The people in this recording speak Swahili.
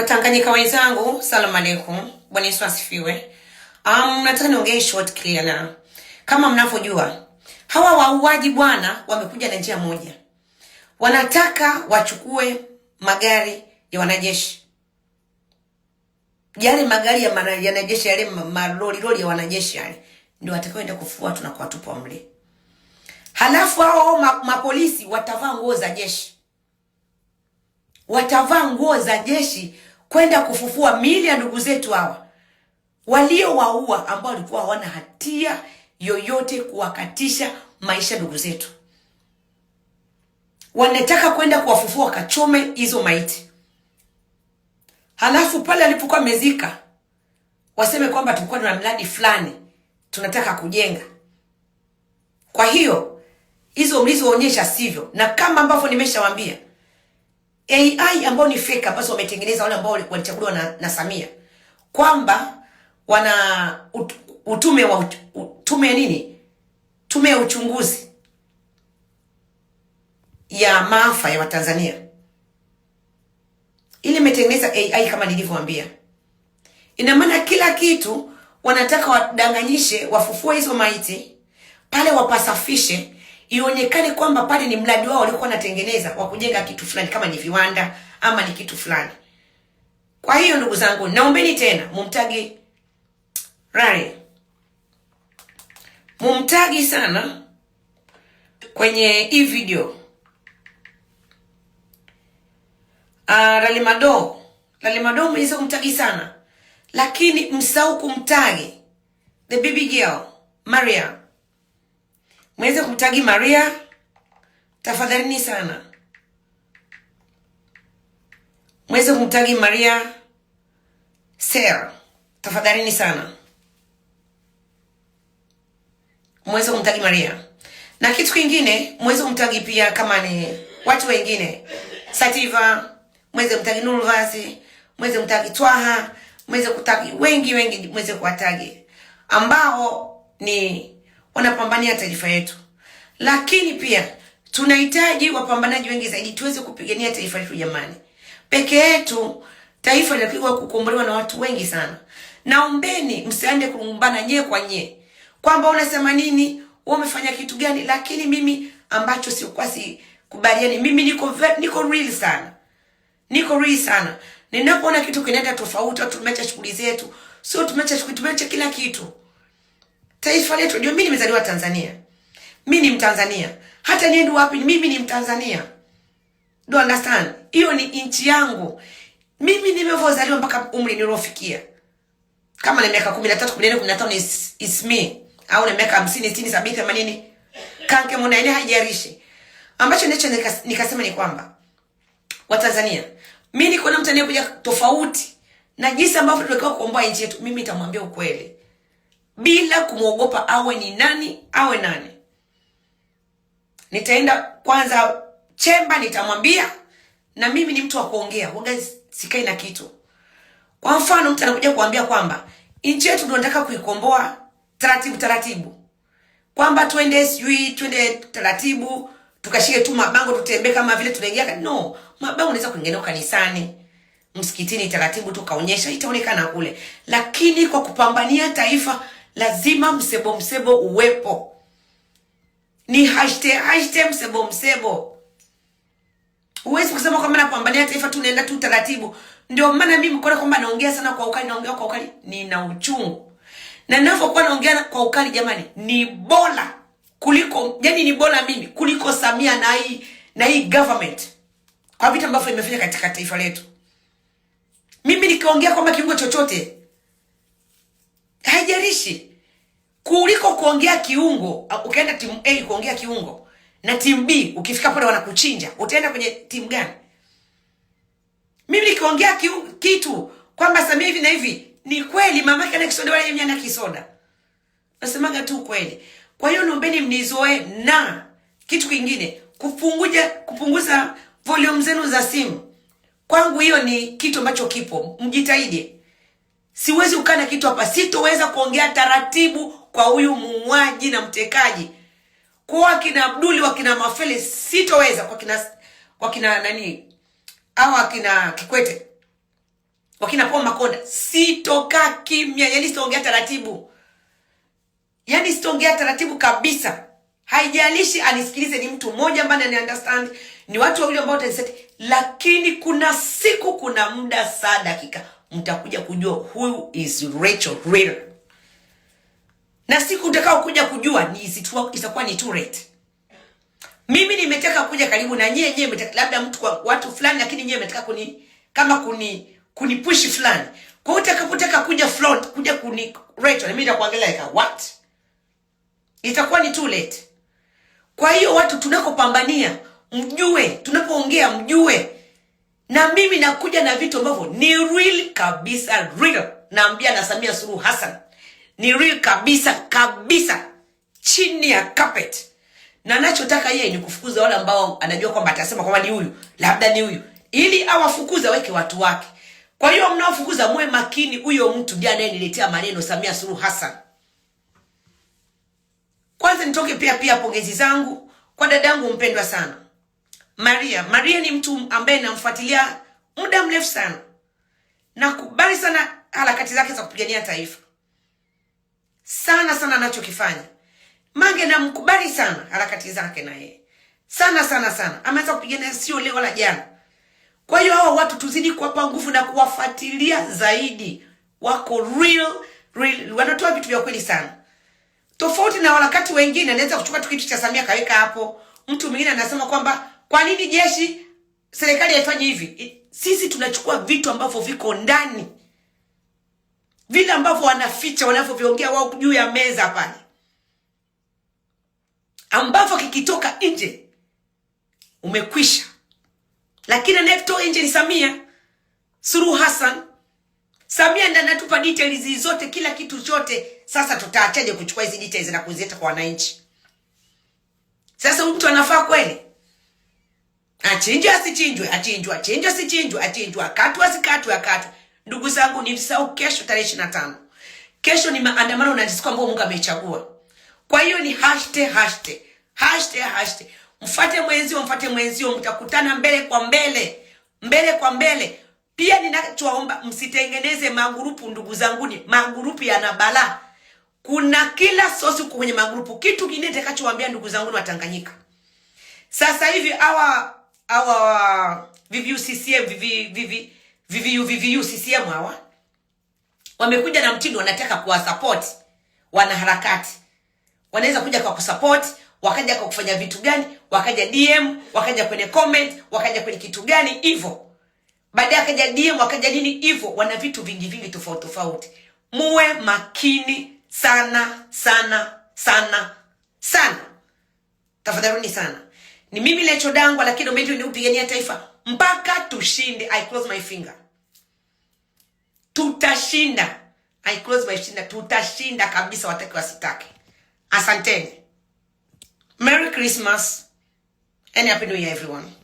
Watanganyika wenzangu, salamu aleikum. Bwana Yesu asifiwe. Um, nataka niongee short clear na kama mnavyojua hawa wauaji bwana wamekuja na njia moja, wanataka wachukue magari ya wanajeshi, yale magari ya wanajeshi, yale maloliloli ya wanajeshi yale ndio watakaoenda kufua tuna kwa tupa mle, halafu hao ma, mapolisi watavaa nguo za jeshi, watavaa nguo za jeshi kwenda kufufua miili ya ndugu zetu hawa waliowaua, ambao walikuwa hawana hatia yoyote kuwakatisha maisha ndugu zetu. Wanataka kwenda kuwafufua wakachome hizo maiti, halafu pale alipokuwa mezika waseme kwamba tulikuwa na mradi fulani tunataka kujenga. Kwa hiyo hizo mlizoonyesha sivyo, na kama ambavyo nimeshawaambia AI ambao ni fake ambazo wametengeneza wale ambao walichaguliwa na, na Samia kwamba wana ut, utume wa utume tume nini, tume ya uchunguzi ya maafa ya Watanzania ili imetengeneza AI kama nilivyowaambia. Ina maana kila kitu wanataka wadanganyishe, wafufue hizo maiti pale, wapasafishe ionekane kwamba pale ni mradi wao waliokuwa wanatengeneza wa kujenga kitu fulani, kama ni viwanda ama ni kitu fulani. Kwa hiyo ndugu zangu, naombeni tena mumtagi Rari, mumtagi sana kwenye hii video. Uh, ah, Lalimado, Mado umeweza kumtagi sana, lakini msahau kumtagi the baby girl Maria mweze kumtagi Maria tafadhalini sana, mweze kumtagi Maria Ser tafadhalini sana, mweze kumtagi Maria. Na kitu kingine mweze kumtagi pia, kama ni watu wengine Sativa, mweze kumtagi Nurvasi, mweze kumtagi Twaha, mweze kutagi wengi wengi, mweze kuwatagi ambao ni wanapambania taifa yetu, lakini pia tunahitaji wapambanaji wengi zaidi tuweze kupigania taifa letu. Jamani, peke yetu taifa linapigwa kukombolewa na watu wengi sana. Naombeni msiende kulumbana nyee kwa nyee kwamba unasema nini, umefanya kitu gani, lakini mimi ambacho sikuwa sikubaliani, mimi niko niko real sana, niko real sana. Ninapoona kitu kinaenda tofauti, tumeacha shughuli zetu, sio tumeacha, tumeacha kila kitu taifa letu. Ndio mimi nimezaliwa Tanzania, mi ni Mtanzania, hata niende wapi mimi ni Mtanzania. Do understand, hiyo ni nchi yangu mimi nimevyozaliwa mpaka umri niliofikia, kama na miaka kumi na tatu kumi na nne kumi na tano is me, au na miaka hamsini sitini sabini themanini kanke munaene haijarishi. Ambacho ndicho nikasema ni kwamba Watanzania, mi niko na mtu anayekuja tofauti na jinsi ambavyo tunatakiwa kuomba nchi yetu. Mimi nitamwambia ukweli, bila kumwogopa awe ni nani, awe nani. Nitaenda kwanza chemba, nitamwambia. Na mimi ni mtu wa kuongea, huwaga sikai na kitu. Kwa mfano, mtu anakuja kuambia kwamba nchi yetu tunataka kuikomboa taratibu taratibu, kwamba twende sijui twende taratibu, tukashike tu mabango, tutembee kama vile tunaingia. No, mabango unaweza kuingia kanisani msikitini taratibu tukaonyesha itaonekana kule, lakini kwa kupambania taifa lazima msebo msebo uwepo, ni hashte hashte msebo msebo. Huwezi kusema kwamba napambania taifa tu, naenda tu taratibu. Ndio maana mimi mkona kwamba naongea sana kwa ukali, naongea kwa ukali, nina uchungu na ninapokuwa naongea kwa ukali, jamani, ni bora kuliko yani, ni bora mimi kuliko Samia na hii na hii government kwa vitu ambavyo imefanya katika taifa letu. Mimi nikiongea kwamba kiungo chochote haijalishi kuliko kuongea kiungo, ukienda timu A kuongea kiungo na timu B, ukifika pale wanakuchinja, utaenda kwenye timu gani? Mimi nikiongea kitu kwamba Samia hivi na hivi, ni kweli mamake ana kisoda wala yeye ana kisoda, nasemaga tu kweli. Kwa hiyo niombeni mnizoe, na kitu kingine kupunguza kupunguza volume zenu za simu kwangu, hiyo ni kitu ambacho kipo, mjitahidi siwezi na kitu hapa, sitoweza kuongea taratibu kwa huyu muuaji na mtekaji, kwa wakina Abduli, wakina Mafele, sitoweza kwa kina kwa kina nani au akina Kikwete, wakina Paul Makonda, sitoka kimya, yani sitoongea taratibu, yani sitoongea taratibu kabisa. Haijalishi anisikilize ni mtu mmoja ambaye ni understand ni watu wawili ambao, lakini kuna siku, kuna muda, saa, dakika mtakuja kujua who is Rachel real, na siku utakao kuja kujua ni itakuwa ni too late. Mimi nimetaka kuja karibu na nyie, nyie labda mtu kwa watu fulani, lakini nyie metaka kuni kama kuni push fulani. Kwa hiyo utakapotaka kuja front kuja kuni Rachel, mimi nitakuangalia like what, itakuwa ni too late. Kwa hiyo watu tunakopambania mjue, tunapoongea mjue na mimi nakuja na vitu ambavyo ni real kabisa, real naambia, na Samia Suluhu Hassan ni real kabisa kabisa, chini ya carpet. Na nachotaka yeye ni kufukuza wale ambao anajua kwamba atasema kwamba ni huyu, labda ni huyu, ili awafukuze aweke watu wake. Kwa hiyo mnaofukuza muwe makini, huyo mtu ndiye anayeniletea maneno Samia Suluhu Hassan. Kwanza nitoke pia pia pongezi zangu kwa dadangu mpendwa sana Maria. Maria ni mtu ambaye namfuatilia muda mrefu sana, nakubali sana harakati zake za kupigania taifa sana sana, anachokifanya Mange namkubali sana, harakati zake na yeye sana sana sana, ameanza kupigania sio leo wala jana. Kwa hiyo hao watu tuzidi kuwapa nguvu na kuwafuatilia zaidi, wako real, real, wanatoa vitu vya kweli sana, tofauti na wakati wengine. Anaweza kuchukua tu kitu cha Samia kaweka hapo, mtu mwingine anasema kwamba kwa nini jeshi serikali haifanyi hivi? Sisi tunachukua vitu ambavyo viko ndani, vile ambavyo wanaficha wanavyoviongea wao juu ya meza pale, ambavyo kikitoka nje umekwisha. Lakini anayetoa nje ni Samia Suluhu Hassan. Samia ndiye anatupa details hizi zote, kila kitu chote. Sasa tutaachaje kuchukua hizi details na kuzieta kwa wananchi? Sasa mtu anafaa kweli achinjwe asichinjwe, achinjwe achinjwe asichinjwe, achinjwe akatwe asikatwe, akatwe. Ndugu zangu, ni msahau kesho, tarehe ishirini na tano. Kesho ni maandamano na siku ambayo Mungu amechagua. Kwa hiyo ni hashte hashte hashte hashte mfate mwenzio, mfate mwenzio, mtakutana mbele kwa mbele, mbele kwa mbele. Pia ninachoomba msitengeneze magurupu, ndugu zanguni, magurupu yana balaa. Kuna kila sosi kwenye magurupu. Kitu kingine nitakachowaambia ndugu zangu wa Tanganyika, sasa hivi awa hawa VVU CCM CCM hawa wamekuja na mtindo, wanataka kuwasapoti wanaharakati, wanaweza kuja kwa kusupport, wakaja kwa kufanya vitu gani, wakaja DM, wakaja kwenye comment, wakaja kwenye kitu gani hivyo, baadaye akaja DM, wakaja nini hivyo. Wana vitu vingi vingi tofauti tofauti, muwe makini sana sana sana sana, tafadhalini sana. Ni mimi lechodangwa Dangwa, lakini umeenda niupigania taifa mpaka tushinde. I close my finger, tutashinda. I close my finger, tutashinda kabisa, wataki wasitake Asanteni, Merry Christmas and Happy New Year everyone.